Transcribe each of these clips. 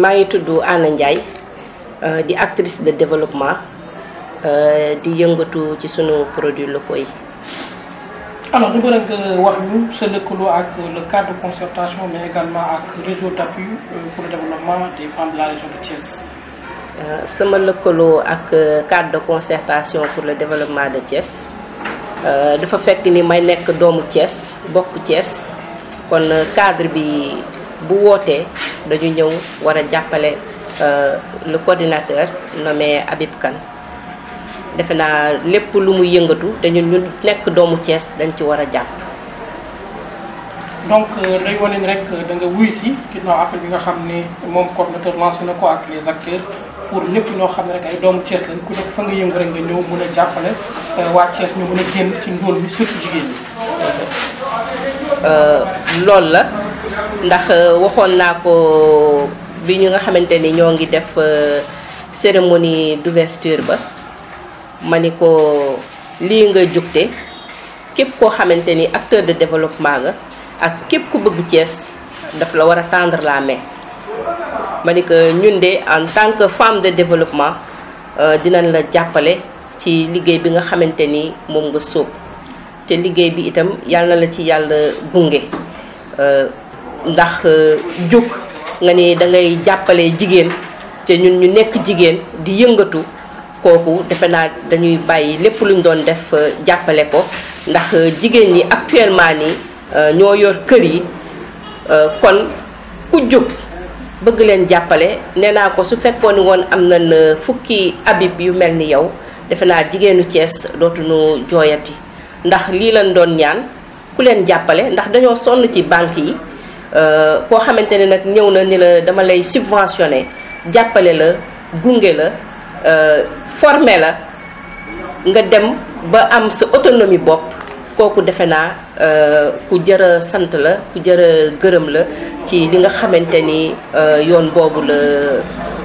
maa ngi tudd Anna Ndiaye euh, di actrice de développement euh, di yëngatu ci sunu produit locaux yi. alors ñu bëri nga wax ñu sa lëkkaloo ak le cadre de concertation mais également ak réseau euh, de la sama lëkkaloo ak cadre de concertation pour le développement de Thiès dafa fekk ni may nekk doomu Thiès bokk Thiès kon cadre bi. bu wootee dañu ñëw war a jàppale euh, le coordinateur nommé Habib Kane defe naa lépp lu muy yëngatu dañu ñu nekk doomu cees dañ ci war a jàpp. donc euh, day wane ni rek da nga wuy si ginnaaw affaire bi nga xam ne moom coordinateur lancé ne ko ak les acteurs pour ñëpp ñoo xam ne rek ay doomu Thiès lañ ku nekk fa nga yëngu rek nga ñëw mën a jàppale euh, waa Thiès ñu mën a génn ci ndóol bi surtout jigéen ñi. loolu la. ndax euh, waxoon naa ko bi ñu nga xamante ni ñoo ngi def euh, cérémonie d'ouverture ba ma ni ko lii nga jugte képp koo xamante ni acteur de développement nga ak képp ku bëgg Thiès daf la war a tendre la main ma ni que ñun de en tant que femme de développement euh, dinañ la jàppale ci liggéey bi nga xamante ni moom nga sóob te liggéey bi itam yàlla na la ci yàlla gunge ndax euh, jóg nga ni dangay jàppale jigéen te ñun ñu nekk jigéen di yëngatu kooku defe naa dañuy bàyyi lépp luñ doon def euh, jàppale ko ndax euh, jigéen ñi actuellement ni ñoo yor kër yi kon ku jóg bëgg leen jàppale nee naa ko su fekkoon ni woon am na fukki Habib yu mel ni yow defe naa jigéenu Thiès dootuñu jooyati ndax lii lañ doon ñaan ku leen jàppale ndax dañoo sonn ci banque yi Euh, koo xamante ne nag ñëw na ni la dama lay subventionné jàppale la gunge la euh, formé la nga dem ba am sa autonomie bopp kooku defe naa euh, ku jër a sant la ku jër a gërëm la ci li nga xamante ni yoon boobu la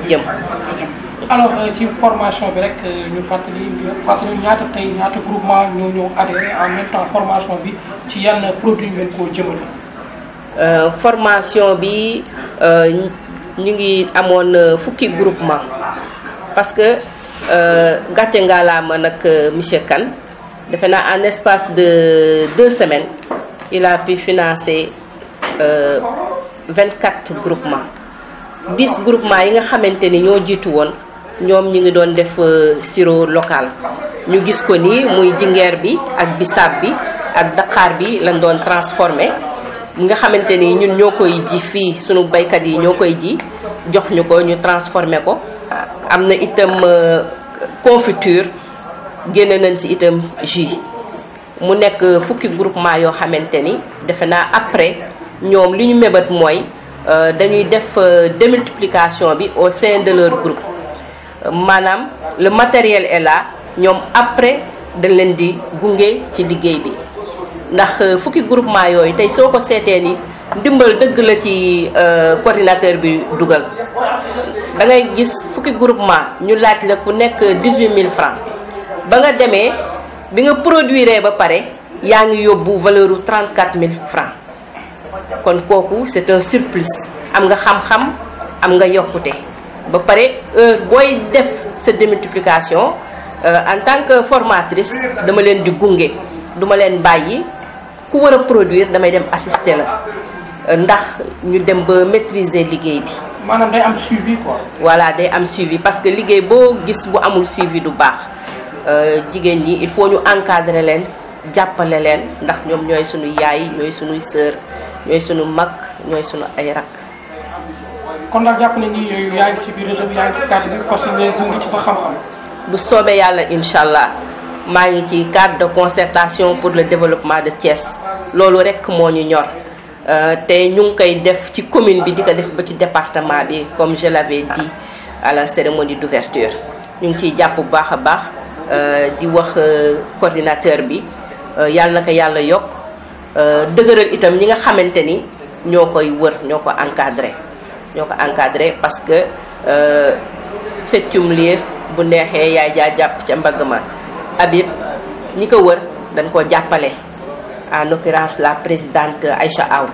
jëm. alors ci formation bi rek ñu fàttali fàttali ñaata tey ñaata groupement ñoo ñëw adhéré en même temps formation bi ci yan produit ngeen koo jëmale. Euh, formation bi euh, ñu ngi amoon euh, fukki groupement parce que gàcce ngaa laa ma nag monsieur Kane defe naa en espace de deux semaines il a pu financer vingt quatre groupement dix groupements yi nga xamante ni ñoo jiitu woon ñoom ñu ngi doon def siro local ñu gis ko ni muy jingeer bi ak bisaab bi ak daqaar bi lañ doon transformé nga xamante ni ñun ñoo koy ji fii sunu baykat yi ñoo koy ji jox ñu ko ñu transformé ko am na itam euh, confiture génne nañ si itam jus mu nekk euh, fukki groupement yoo xamante ni defe naa après ñoom li ñu mébat mooy euh, dañuy def démultiplication bi au sein de leur groupe maanaam le matériel et la ñoom après dañ leen di gunge ci liggéey bi ndax euh, fukki groupement yooyu tey soo ko seetee ni ndimbal dëgg la ci euh, ordinateur bi dugal da ngay gis fukki groupement ñu laaj la ku nekk mille francs ba nga demee bi nga produire ba pare yaa ngi yóbbu valeur u mille francs kon kooku c'est un surplus am nga xam-xam am nga yokkute ba pare heure booy def sa démultiplication euh, en tant que formatrice dama leen di gunge duma leen bàyyi ku war a produire damay dem assisté la ndax ñu dem ba maîtriser liggéey bi. maanaam day am suivi quoi. day am suivi parce que liggéey boo gis bu amul suivi du baax euh, jigéen ñi il faut ñu encadrer leen jàppale leen ndax ñoom ñooy sunu yaay ñooy sunuy sœur ñooy suñu mag ñooy suñu ay rakk. kon daal jàpp bu soobee yàlla incha allah. maa ngi ci cadre de concertation pour le développement de Thiès loolu rek moo ñu ñor euh, te ñu ngi koy def ci commune bi di ko def ba ci département bi comme je l'avais dit à la cérémonie d'ouverture ñu ngi ciy jàpp bu baax a baax euh, di wax euh, coordinateur bi yàlla na ko yàlla yokk dëgëral itam ñi nga xamante ni ñoo koy wër ñoo ko encadré ñoo ko encadré parce que feccum liir bu neexee yaay jaa jàpp ca mbagg ma Habib ñi ko wër dañ koo jàppale en l'occurrence la présidente Aïcha Aw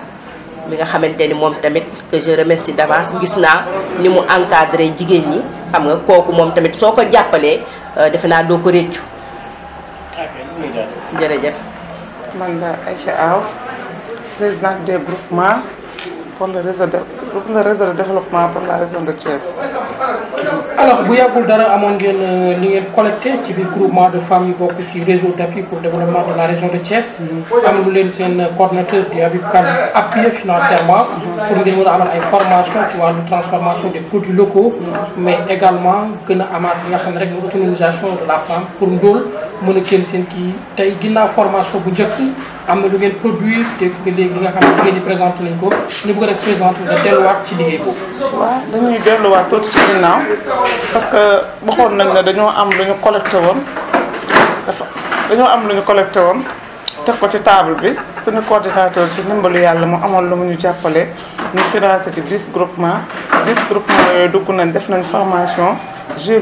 mi nga xamante ni moom tamit que je remercie d'avance gis naa ni mu encadré jigéen ñi xam nga kooku moom tamit soo ko jàppalee euh, defe naa doo ko réccu jërëjëf man la Aïcha Aw présidente des groupements pour le réseau de le réseau de développement pour la région de Thiès alors bu yàggul dara amoon ngeen euh, li ngeen collecté ci biir groupement de femmes yu bokk ci réseau d'appui pour développement de la région de Thiès. am lu leen seen euh, coordonnateur di Habib Kane appuyé financièrement. pour ngeen war a ay formation ci wàllu transformation des produits locaux. mais également gën a amaat nga xam ne rek mooy autonomisation de la femme pour ndóol. mën a génn seen formation bu njëkk am na lu produire te les nga xam ne nous présenté ko ñu bëgg rek présenté nga delluwaat ci liggéey boobu. waaw dañuy parce que waxoon nañ ne dañoo am lu ñu collecté woon Nous avons am lu ñu collecté woon teg ko ci table bi suñu coordinateur des ndimbalu yàlla mu amoon lu mu ñu jàppale ñu financé ci 10 groupement 10 groupement yooyu dugg nañ def formation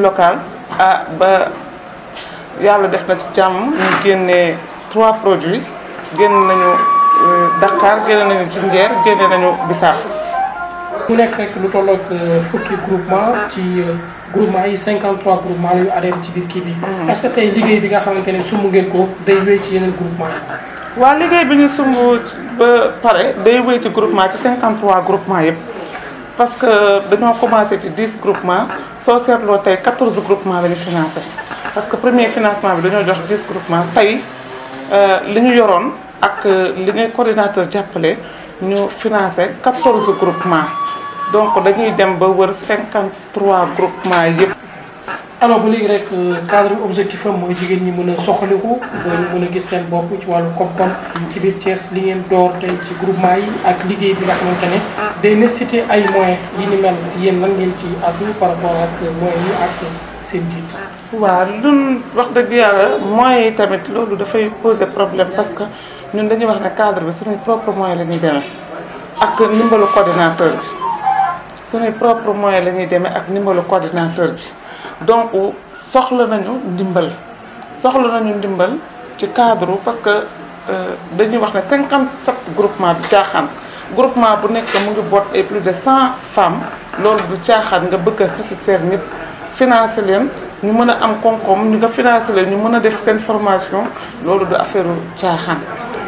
local ah ba. yàlla def na ci jàmm ñu génnee trois produits génn nañu euh, Dakar génne nañu ci njeer génne nañu bisaab mu nekk rek lu tolloog euh, fukki groupement ci euh, groupement yi 53 groupement la ñu ci biir kii bi. Mhm. est que tey liggéey bi nga xamante ne sumb ngeen ko day wéy ci yeneen groupement yi. waaw liggéey bi ñu sumb ba pare day wéy ci groupement ci 53 groupement yëpp. parce que dañoo commencé ci 10 groupement soo seetloo tey 14 groupement la ñu parce que premier financement bi dañu jox 10 groupement tey euh liñu yoron ak euh, li coordinateur jappelé ñu financé 14 groupements donc dañuy dem ba wër 53 groupements yépp alors bu léegi rek euh, cadre objectif am mooy jigéen ñi mëna soxaliku ñu mëna a gis seen bopp ci walu koom-koom ci biir Thiès li ngeen door tay ci groupement yi ak liggéey bi nga xamante ne day nécessité ay moyens yi ni mel yéen lan ngeen ci àddu par rapport ak moyens yi ak seen jiit. waaw dun wax dëgg yàlla moy tamit lolu da fay poser problème parce que ñun dañuy wax ne cadre bi suñu propre moyen lañuy ñuy ak nimbalu coordinateur bi suñu propre moyen lañuy ñuy ak nimbalu coordinateur bi donc soxla nañu ndimbal soxla nañu ndimbal ci cadre parce que euh, dañuy wax ne 57 groupement bi caaxaan groupement bu nekk mu ngi bot ay plus de 100 femmes loolu du caaxaan nga bëgg a satisfaire ñëpp. financé leen ñu mën a am koom-koom ñu nga financé leen ñu mën a def seen formation loolu du affaire caaxaan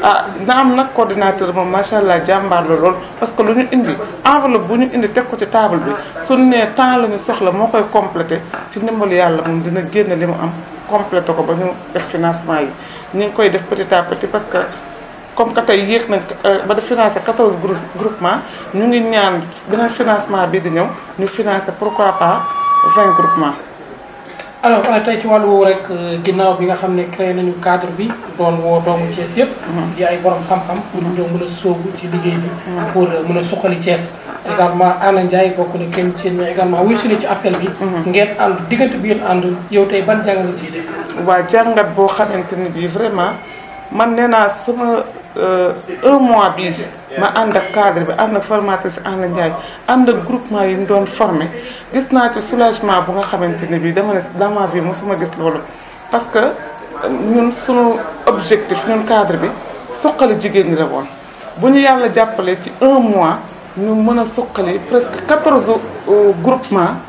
ah na am nag coordinateur moom macha allah jàmbaar la lool parce que lu ñu indi envelop bu ñu indi teg ko ci taabal bi suñu ne temps la ñu soxla moo koy complété ci ndimbalu yàlla moom dina génn li mu am complété ko ba ñu def financement yi ñu ngi koy def petit à petit parce que comme que tey yéeg nañ euh, ba def financé 14 groupement ñu ngi ñaan beneen financement bi di ñëw ñu financé pourquoi pas vingt groupement alors euh, tey ci wàllu woowu rek euh, ginnaaw bi nga xam ne créé nañu cadre bi doon woo doomu Thiès yëpp. Mhm. di ay borom xam-xam. pour mhm. ñu mën a sóobu ci liggéey bi. Mhm. pour euh, mun a suqali Thiès. également Anna Ndiaye bokk na kenn ci mais également wuyu si ci appel bi. ngeen ànd diggante bi ngeen ànd yow ban jàngat la ciy def. boo xamante ne bi vraiment man nee naa sama. Euh, un mois bii ma ànd ak cadre bi ànd ak formatrice Anna Ndiaye ànd ak groupement yi mu doon formé gis naa ci soulagement bu nga xamante ne bii dama ne dans ma vie mosuma gis loolu. parce que euh, ñun suñu objectif ñun cadre bi suqali jigéen ñi la woon bu ñu yàlla jàppale ci un mois ñu mën a suqali presque quatorze euh, groupement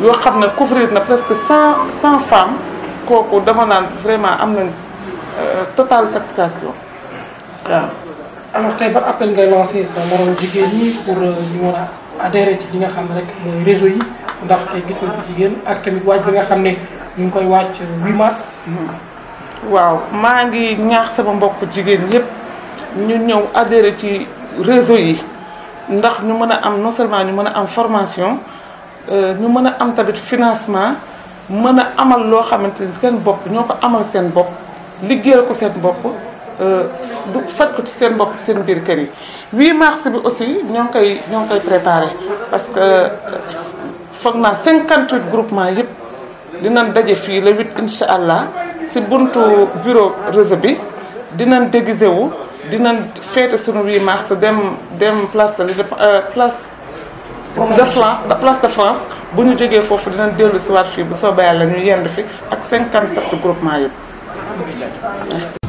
yoo xam ne couvrir na presque cent cent femmes kooku dama naan vraiment am nañ total satisfaction. waaw alors tey ban appel ngay lancé sa morom jigéen ñi pour euh, ñu war a adhéré ci li nga xam ne rek mooy réseau yi ndax tey gis nañu jigéen ak tamit waaj bi nga xam ne ñu ngi koy wàcc 8 euh, mars. Hmm. waaw maa ngi ñaax sama mbokk jigéen yépp ñu ñëw adhéré ci réseau yi ndax ñu mën a am non seulement ñu mën a am formation euh, ñu mën a am tamit financement mën a amal loo xamante ni seen bopp ñoo ko amal seen bopp liggéeyal ko seen bopp. Euh, du fekk ci seen bopp ci seen biir kër yi 8 mars bi aussi ñong koy ñong koy préparer parce que euh, foog naa 58 groupement yépp dinañ daje fii le 8 incha allah si buntu bureau réseau bi dinañ déguisé wu dinañ fêter sunu 8 mars dem dem place de euh, place. de France place de France bu ñu jógee foofu dinañ dellu si waat fii bu soobee yàlla ñu yend fi ak 57 groupement yëpp merci.